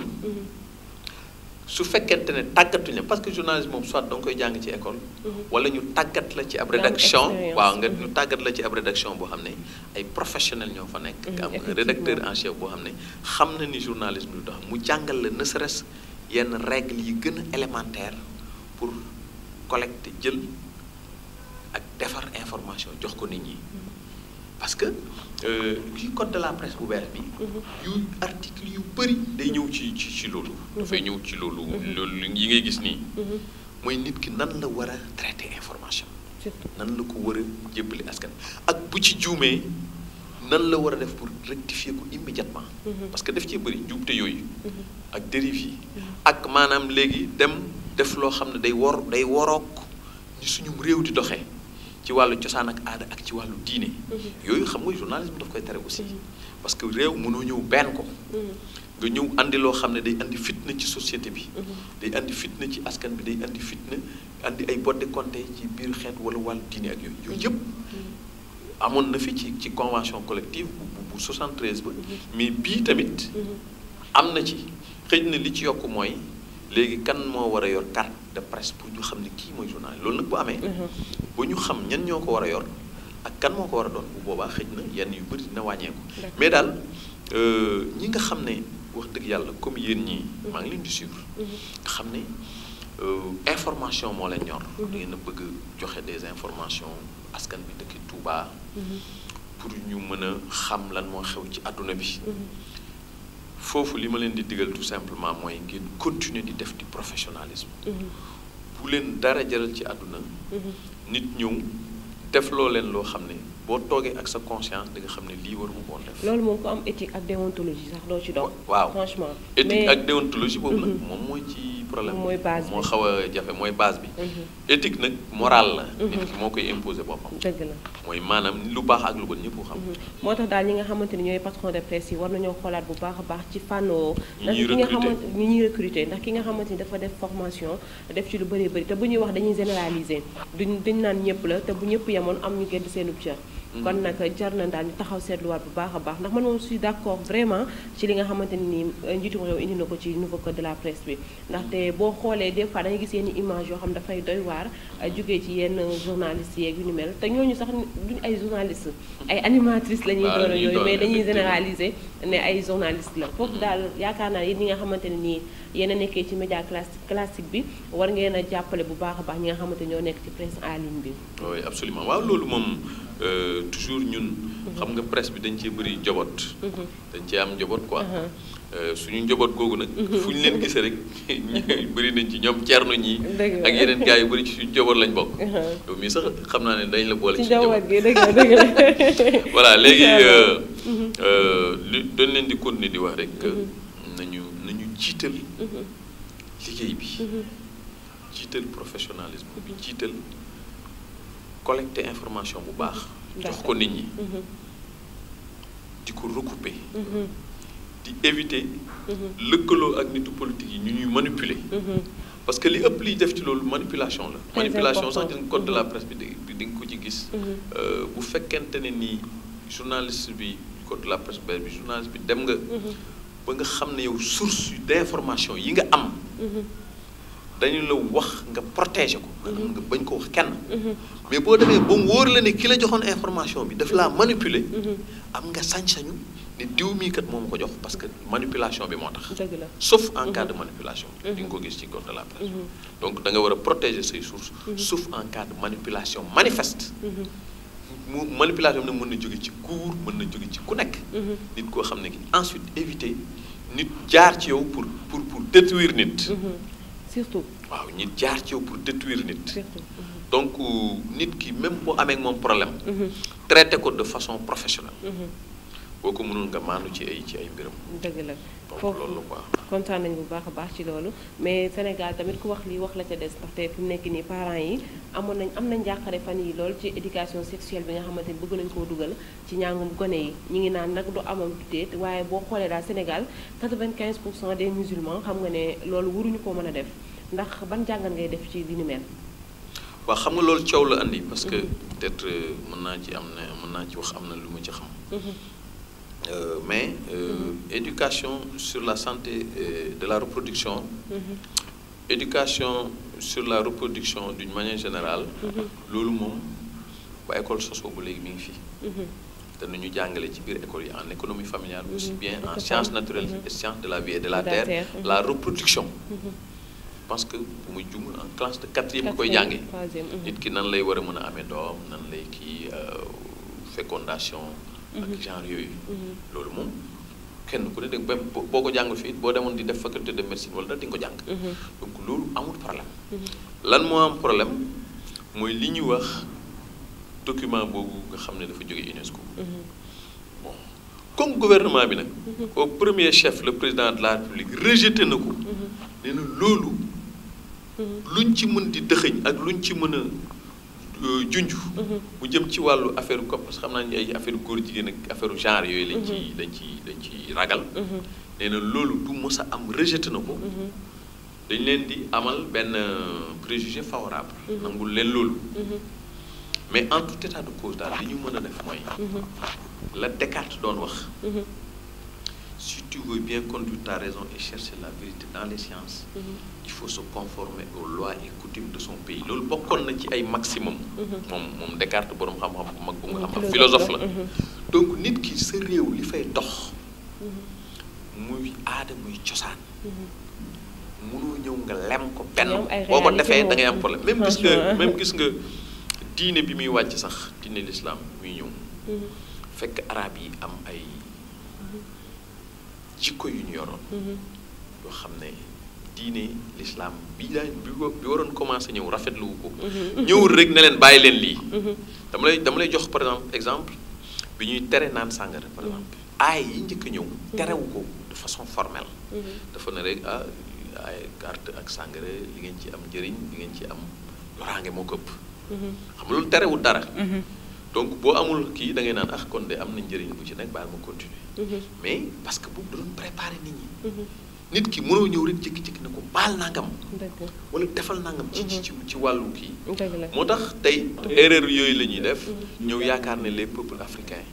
su fekkente ne tàggatuñ la parce que journalisme moom soit da koy jàng ci école. Mm-hmm. wala ñu tàggat la ci ab rédaction. waaw nga mm-hmm. ñu tàggat la ci ab rédaction boo xam ne ay professionnels ñoo fa nekk. nga am rédacteur en chef boo xam ne xam na ni journalisme du dox mu jàngal la ne serait yenn règles yi gën a élémentaire pour collecter jël ak defar information jox ko nit ñi mm-hmm. parce que. Euh, ci code de la presse ouverte bi. Mhm. yu article yu bëri day ñëw ci ci ci loolu. dafay ñëw ci loolu. Mhm. loolu yi ngay gis nii. Mhm. mooy nit ki nan la war a traiter information. nan la ko war a jébbali askan ak bu ci juumee nan la war a def pour rectifier ko immédiatement. parce que def cee bëri njuumte yooyu. ak dérive yi. ak maanaam léegi dem def loo xam ne day wor day worook ci suñu réew di doxe ci wàllu cosaan ak aada ak ci wàllu diine mhm. yooyu xam nga journalisme daf koy tere aussi mhm. parce que réew mënoo ñëw benn ko mhm. nga ñëw andi loo xam ne day andi fitna ci société bi day andi fitna ci askan bi day andi fitna andi ay bodde compté ci biir xeet wala wàllu diine ak yooyu yooyu yëpp amoon na fi ci ci convention collective bu bu 73 ba mais bii tamit am na ci xëj na li ci yokk mooy léegi kan moo war a yor carte de presse pour ñu xam ne kii mooy journaliste loolu nag bu amee. Mhm. ba ñu xam ñan ñoo ko war a yor ak kan moo ko war a doon bu boobaa xëj na yenn yu bëri dina wàññeeku. mais daal euh, ñi nga xam ne wax dëgg yàlla comme yéen ñii. maa ngi leen di suivre. Mhm. nga xam ne euh, information moo leen ñor. da mhm. ngeen a bëgg joxe des informations askan bi dëkk Touba. pour ñu mën a xam lan moo xew ci àdduna bi. foofu li ma leen di digal tout simplement mooy ngeen continuer di def di professionnalisme. bu leen dara jaral ci àdduna mhm. nit ñëw def loo leen loo xam ne boo toogee ak sa conscience di nga xam ne lii waruma woon def. loolu moom ko am éthique ak déontologie sax doo ci doon. waaw franchement éthique ak déontologie boobu nag mhm. moom mooy ci. problème moo xaw a jafe mooy base bi mhm. éthique nag morale la mhm. nit moo koy imposer boppam dëgg la mooy maanaam lu baax ak lu bon ñëpp xam mhm. moo tax daal ñi nga xamante ni ñooy patron de presse yi war nañoo xoolaat bu baax a baax ci fànno ndax ki nga xamante ñi ñuy recruter ndax ki nga xamante ni dafa def formation def ci lu bëree bëri te bu ñuy wax dañuy généraliser duñ dañ naan ñëpp la te bu ñëpp yemoon am ñu gëdd seenub cër kon nag jar na daal ñu taxaw seetluwaat bu baax a baax ndax man moom suis d'accord vraiment ci li nga xamante ne nii euh, njiitum réew indi na ko ci nouveau code de la presse bi ndaxte boo xoolee des fois da ngay gis yenn image yoo xam dafay doy waar euh, jógee ci yenn journalistes yeeg yu ni mel te ñooñu sax duñu ay journalistes ay animatrices la ñuy doon yooyu mais dañuy généraliser ne ay journalistes la foofu mm-hmm. daal yaakaar naa yéen ñi nga xamante ne nii yéen a nekkee ci média classique bi war ngeen a jàppale bu baax a baax ñi nga xamante ñoo nekk ci presse en ligne bi. oui absolument waaw loolu moom euh, toujours ñun. xam nga presse bi dañ cee bëri njaboot. Mhm. dañ ci am njaboot quoi. Mhm. Euh, suñu njaboot googu nag. Mhm. fu ñu leen gisee rek bëri nañ ci ñoom ceerno ñi ak yeneen gars yu bëri ci suñu njaboot lañ bokk. yow mii sax xam naa ne dañ la boole ci njaboot gi dëgg la dëgg voilà léegi euh, li dañ leen di kon continuer di wax rek. jiital mhm. liggéey bi mhm. jiital professionnalisme bi mhm. jiital collecter information bu baax jox ko nit ñi di ko recouper di éviter lëkkaloo ak nitu politique yi ñu ñuy manipuler parce que li ëpp liy def ci loolu manipulation la manipulation sax dina code de la presse bi di di nga ko ci gis euh, bu fekkente ne nii journaliste bi code de la presse bi journaliste bi dem nga ba nga xam ne yow source d'information yi nga am. Mhm. dañu la wax nga protéger ko. maanaam mhm. nga bañ ko wax kenn. Mhm. mais boo demee ba mu wóor la ne ki la joxoon information bi daf laa manipuler. am nga sañ-sañu ne diw mii kat moom ko jox parce que manipulation bi moo tax. dëgg la sauf en cas de manipulation. di ko gis ci code de la presse. donc da nga war a protéger say sources. sauf en cas de manipulation manifeste. mu manipulation bi nag mën na jóge ci cours mën na jóge ci ku nekk. Mhm. nit koo xam ne ki ensuite éviter nit jaar ci yow pour pour pour détruire nit. Mhm. surtout waaw nit jaar ci yow pour détruire nit. surtout mhm. donc euh, nit ki même boo amee moom problème. traité ko de façon professionnelle. boo ko mënul nga maandu ci ay ci ay mbiram. dëgg la foofu loolu quoi. kontaan nañu bu baax a baax ci loolu mais Sénégal tamit ku wax lii wax la ca des ndaxte fi mu nekk nii parent yi amoon nañ am nañ njàqare fan yi lool ci éducation sexuelle bi nga bëgg nañ koo dugal ci ñaangum gone ñu ngi naan nag du amam déet waaye boo xoolee daal Sénégal 95 pour cent de musulmans xam nga ne loolu waruñu koo mën a def ndax ban jàngat ngay def ci li mel. waaw xam nga loolu coow la andi. parce que peut-être euh, mën naa ci am na mën naa ci wax am na lu ma ci xam. Mm-hmm. Euh, mais euh, mm-hmm. éducation sur la santé euh, de la reproduction. Mm-hmm. éducation sur la reproduction d'une manière générale. Mm-hmm. loolu moom ba école sosoo ba léegi mi ngi fi. ñu jàngale ci biir école yi en économie familiale. aussi bien en sciences naturelles et de la vie et de la terre. la reproduction. parce que bu ma jumul en classe de quatrième koy jàngee. nit ki nan lay war a mën a amee doom nan lay kii fécondation. ak mhm. genre yooyu. Mhm. loolu moom kenn ku ne de boo ko jàngul fii boo demoon di def faculté de médecine wala dara di ko jàng. Mhm. donc loolu amul problème. lan moo am problème mooy li ñuy wax document boobu nga xam ne dafa jóge UNESCO. bon comme gouvernement bi nag. oo premier chef le président de la république rejeté na ko. nee na loolu. luñ ci mën di dëxëñ ak luñ ci mën Euh, junj. Mhm. mu jëm ci wàllu affaire ko parce que xam naa ne ay affaire góor jigéen ak affaire genre yooyu. lañ ci mhm. lañ ci lañ ci ragal. Mhm. nee na loolu du mos a am rejeté na ko. dañ leen di amal benn euh, préjugé favorable. nangul leen loolu. mais en tout de cause daal li ñu mën a def mooy. la Descartes doon wax. si tu bien conduire ta raison et chercher la vérité dans les sciences mhm. il faut se conformer aux lois et de son pays loolu bokkoon na ci ay maximum mhm. moom moom Descartes boroom xam-xam bu mag bu nga xam ne philosophe la mhm. donc nit ki sa réew li fay dox muy aada muy cosaan mënoo ñëw nga lem ko benn boo ko defee da am problème même gis nga même gis nga diine bi muy wàcc sax diine l'islam muy ñëw fekk arab yi am ay jikko yu ñu yoroon mm-hmm. yoo xam ne diine lislaam bi daay bi waroon commencé ñëw rafetlu wu ko mm-hmm. ñëwul rek ne leen bàyyi leen lii mm-hmm. dama lay dama lay jox par exemple exemple bi ñuy tere naan sangara par exemple aay yi njëkk ñëw terewu ko de façon formelle dafa ne rek ah ay carte ak sàngara li ngeen ci am njëriñ li ngeen ci am loraange moo këpp xam loolu terewul dara donc boo amul kii da ngay naan ah kon de am na njëriñ bu ci nekk baal ma continuer mhm. mais parce que boobu da doon préparé nit ñi mhm. nit ki mënoo ñëw rek jékki-jékki ne ko baal nangam wala defal nangam ci ci mhm. ci wàllu kii moo tax tey erreur yooyu la ñuy def ñëw yaakaar ne les peuples africains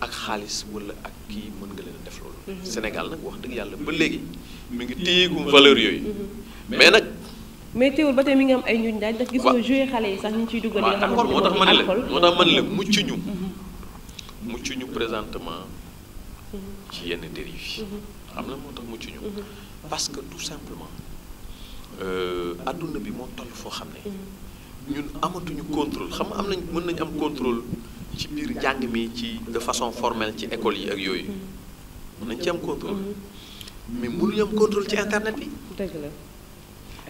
ak xaalis wala ak kii mën nga leen def loolu Sénégal nag wax dëgg yàlla ba léegi mu ngi téyeegum valeur yooyu mais nag mais teewul ba tey mi ngi am ay ñuñ daañ ndax gisoo joué xale yi sax ñu ciy dugal moo tax man la moo tax man la mhm. mucc ñu présentement ci yenn dérive mhm. xam na moo tax mucc mhm. parce que tout simplement euh, adduna bi moo toll foo xam ne ñun amatuñu contrôle xam nga am nañ mën nañu am contrôle ci biir jàng mi ci de façon formelle ci école yi ak yooyu mën nañ ci am contrôle mais mënuñu am contrôle ci internet bi dëgg la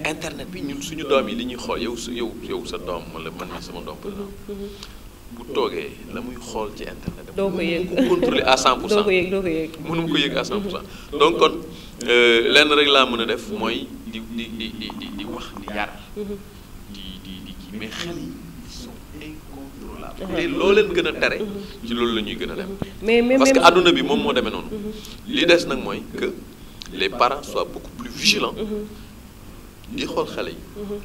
internet bi ñun suñu doom yi li ñuy xool yow su yow yow sa doom wala man mi sama doom par mm-hmm. bu toogee la muy xool ci internet. doo ko yëg ko contrôler à 100 pour cent doo ko yëg doo ko yëg. mënuma ko yëg mm-hmm. kon euh, lenn rek laa mën a def mooy di di di di wax di yar. Mm-hmm. di di di mais xel yi ils sont incontrôlables. te loo leen gën a tere. ci loolu la ñuy gën a dem. mais mais parce que adduna bi moom moo demee noonu. li des nag mooy que les parents soient beaucoup plus vigilants. di xool xale yi. Mhm.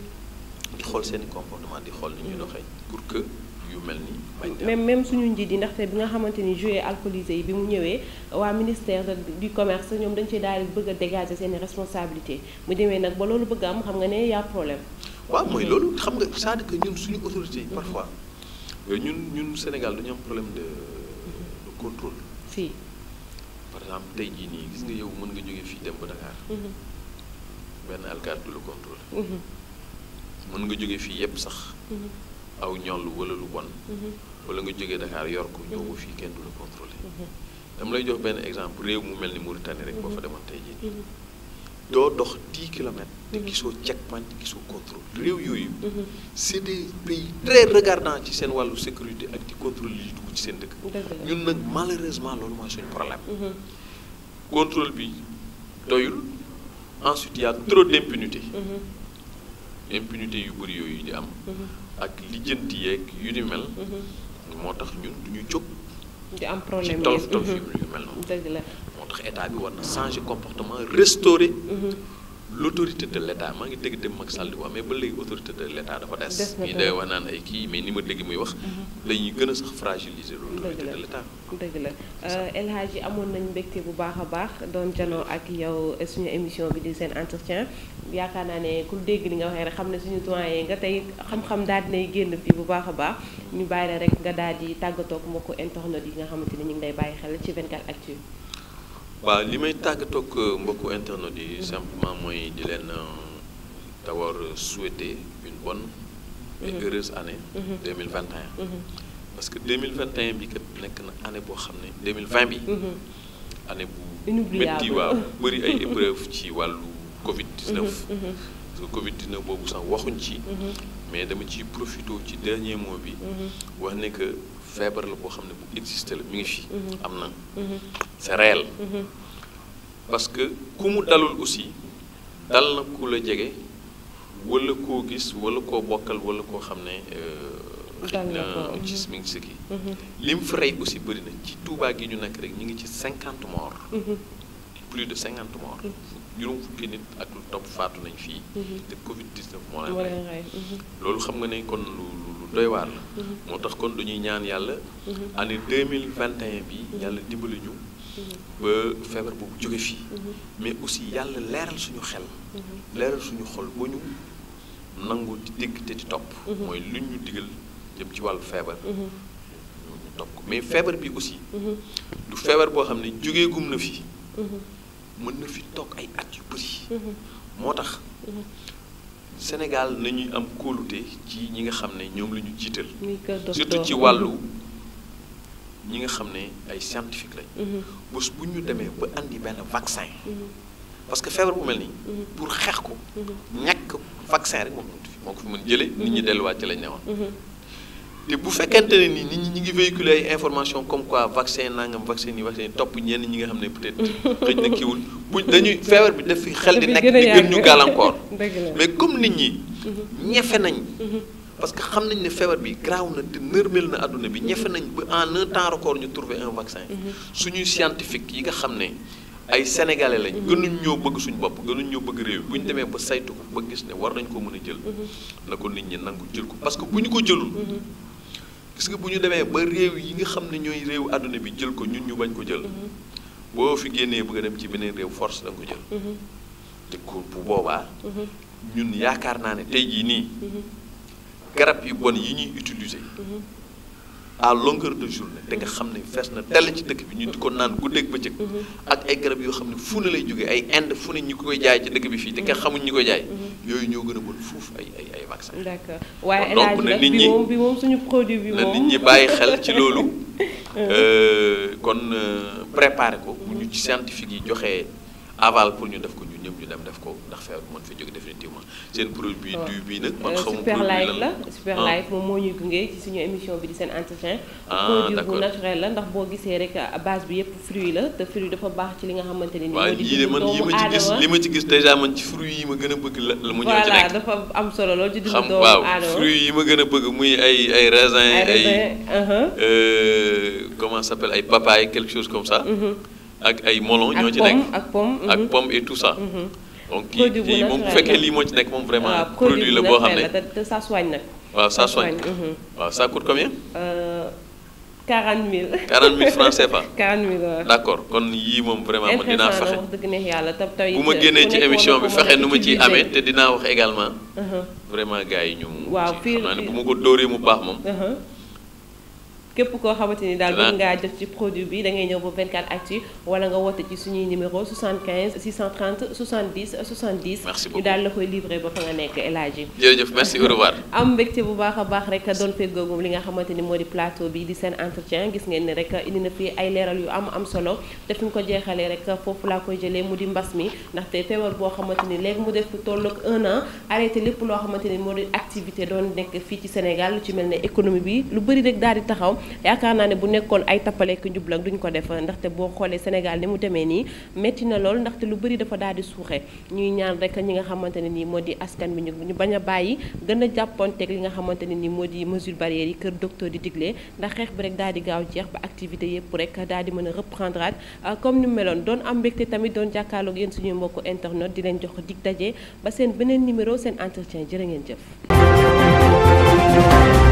di xool seen i comportement di xool ni ñuy doxee pour que yu mel ni bañ même même suñu njiit yi ndaxte bi nga xamante ni joué alcoolisé yi bi mu ñëwee waa ministère du commerce ñoom dañ ci daal bëgg a dégager seen i responsabilité mu demee nag ba loolu bëgg am xam nga ne y' a problème. waaw mooy loolu xam nga c'est-à-dire que ñun suñu autorité yi parfois euh, ñun ñun Sénégal dañu am problème de de contrôle. fii par exemple tey jii nii gis nga yow mën nga jógee fii dem ba Dakar. Mhm. benn alkaat du la contrôler mhm. mën nga jóge fii yépp sax mhm. aw ñoll wala lu bon mhm. wala nga jóge Dakar yor ko ñëw fii kenn du la contrôler dama lay jox benn exemple réew mu mel ni Mauritanie rek boo fa demoon tey jii doo dox 10 kilomètres te gisoo checkpoint gisoo contrôle réew yooyu c'est des pays très regardants ci seen wàllu sécurité ak di contrôle li dugg ci seen dëkk ñun nag malheureusement loolu mooy suñu problème contrôle bi doyul ensuite y a trop d'impunité impunité yu bëri yooyu di am ak lijjanti yeeg yu ni mel moo tax ñun ñu jóg ci am problème ci tolof tolof yu mel noonu dëgg la moo tax état bi war na changer comportement restaurer mhm. l' autorité de l' état maa ngi dégg dem Macky Sall di wax mais ba léegi autorité de l' état dafa des. des ñu day wax naan ay kii mais ni ma dégg muy wax. la mhm. ñuy a sax fragiliser. l' de l' état dëgg la euh, amoon nañu mbégte bu baax a baax doon janoo ak yow suñu émission bi di seen entretien yaakaar naa ne ku dégg li nga waxee rek xam ne suñu yi nga tey xam-xam daal dinay génn fii bu baax a baax ñu bàyyi la rek nga daal di tàggatoo ak mbokku internet yi nga xamante ni ñu ngi lay bàyyi xel ci 24 actu. waaw li may tàggatoog euh, mbokku internet yi simplement mooy di leen euh, d'abord souhaiter une bonne et mm-hmm. heureuse année. 2021. Mm-hmm. Mm-hmm. parce que bi kat nekk na année boo xam ne 2020 bi. année bu métti waaw bëri ay épreuve ci wàllu Covid 19. parce que Covid 19 boobu sax waxuñ ci. mais dama ci profité ci dernier mot bi. wax ne feebar la boo xam ne bu existé la mu ngi fi. Mhm. am na mhm. c'est réel. Mhm. parce que ku mu dalul aussi dal na ku la jege wala koo gis wala koo bokkal wala koo xam ne. Euh, xëy na gis mi ngi si kii. lim fi rey aussi bëri na ci Touba gi ñu nekk rek ñu ngi ci cinquante morts. plus de cinquante morts. juróom fukki nit ak lu topp faatu nañ fii. te Covid 19 moo leen rey loolu xam nga ne kon lu. doy waar la. Mhm. moo tax kon du ñuy ñaan yàlla. Mhm. année deux mille vingt et bi yàlla dimbali ñu. Mhm. ba feebar boobu jóge fii. mais aussi yàlla leeral suñu xel. leeral suñu xol ba ñu nangu di dégg te di topp. mooy lu ñu digal jëm ci wàllu feebar. ñu topp mais feebar bi aussi. du feebar boo xam ne jógee gum na fi. mën na fi toog ay at yu bëri. moo tax. Sénégal nañuy am kóolute ci ñi nga xam ne ñoom lañu ñu jiital. surtout ci wàllu ñi nga xam ne ay scientifique lañ. Mhm. bés bu ñu demee ba andi benn vaccin. Mhm. parce que feebar bu mel nii. Mhm. pour xeex ko. ñàkk vaccin rek moom moo ko fi mën jëlee. nit ñi delluwaat ci lañ newoon. li bu fekkente ne ni nit ñi ñu ngi véhiculer ay information comme quoi vaccin nangam vaccin yi vaccin topp ñenn ñi nga xam ne peut être xëj na kiiwul buñ dañuy feebar bi daf fi xel di nekk di gën ñu gàllankoor mais comme nit ñi mm-hmm. ñefe nañ mm-hmm. parce que xam nañ ne feebar bi graaw na te nërmel na àdduna bi ñefe nañ ba en un temps record ñu trouver un vaccin mm-hmm. suñuy scientifique yi nga xam ne ay sénégalais lañ gënuñ ñoo bëgg suñu bopp gënuñ ñoo bëgg réew bu ñu demee ba saytu ba gis ne war nañ ko mën a jël na ko nit ñi nangu jël ko parce que bu ñu ko jëlul parce que bu ñu demee ba réew yi nga xam ne ñooy réew àdduna bi jël ko ñun ñu bañ ko jël mm-hmm. boo fi génnee bëgg a dem ci beneen réew force da ko jël mm-hmm. te ko bu boobaa mm-hmm. ñun yaakaar naa ne tey jii nii garab yu bon yi ñuy utiliser à longueur de journée te nga xam ne fees na dell ci dëkk bi ñu di ko naan guddeeg bëccëg mhm. ak ay garab yoo xam ne fu ne lay jógee ay Inde fu ne ñi koy jaay ci dëkk bi fii te nga xamuñ ñi koy jaay mhm. yooyu ñoo gën a bon foofu ay ay ay waaye donc na nit ñi bi moom suñu produit bi moom na nit bàyyi xel ci loolu euh, kon euh, préparé ko bu ñu ci scientifique yi joxee aval pour ñu def ko ñun ñëpp ñu dem def ko ndax feebar bi mën fi jóge définitivement seen produit du bii nag man euh, xaw super la super ah. life moom moo ñuy gunge ci suñu émission bi di seen entretien ah, produit bu naturel la ndax boo gisee rek euh, base bi yëpp fruit la te fruit dafa baax ci li nga xamante ni waaw yii de man yi ma ci gis li ma ci gis déjà man ci fruit yi ma gën a bëgg la la mu ñëw ci nekk dafa am solo lool ci dundu doomu aadama waaw fruit yi ma gën a bëgg muy ay ay raisin ay uh-huh. euh, comment ça s'appelle ay papaye quelque chose comme ça mm-hmm. ak ay melon ñoo ci nekk ak pom ak mhm. pomme et tout ça. Mhm. donc kii kii moom bu fekkee lii moo ci nekk moom vraiment. produit la boo xam ne te ça soigne nag. waaw ça soigne mhm. waaw ça coûte combien. 40 000 40 000 francs CFA. 40 d' accord kon yii moom vraiment man dinaa fexe bu ma génnee ci émission bi fexe nu ma ci amee te dinaa wax également. Uh-huh. vraiment gars yi ñu. waaw fii bu ma ko dóoree mu baax moom. Uh-huh. képp koo xamante ni daal bëgg ngaa jot ci produit bi da ngay ñëw ba 24 actu wala nga woote ci suñuy numéro 75 630 70 70. merci beaucoup ñu daal la koy livré ba fa nga nekk El Hadj. jërëjëf merci au revoir. bu baax a baax rek doon feggoogum li nga xamante ni moo di plateau bi di seen entretien gis ngeen ni rek indi na fi ay leeral yu am am solo te fi ñu ko jeexalee rek foofu laa koy jëlee mu di mbas mi ndaxte feebar boo xamante ni léegi mu def toll ak un an arrêté lépp loo xamante ni moo di activité doon nekk fii ci Sénégal lu ci mel ne économie bi lu bëri rek daal di taxaw. yaakaar naa ne bu nekkoon ay tappaleek njublang duñ ko def ndaxte boo xoolee Sénégal ni mu demee nii métti na lool ndaxte lu bëri dafa daal di suuxee ñuy ñaan rek ñi nga xamante ne nii moo di askan bi ñu bañ a bàyyi gën a jàpponteeg li nga xamante ne nii moo di mesure barrières yi kër docteur di digle ndax xeex bi rek daal di gaaw jeex ba activité yëpp rek daal di mën a euh, comme ni meloon doon am mbégte tamit doon jàkkaarloog yéen suñuy mbokku internet di leen jox dig daje ba seen beneen numéro seen entretien jërë ngeen jëf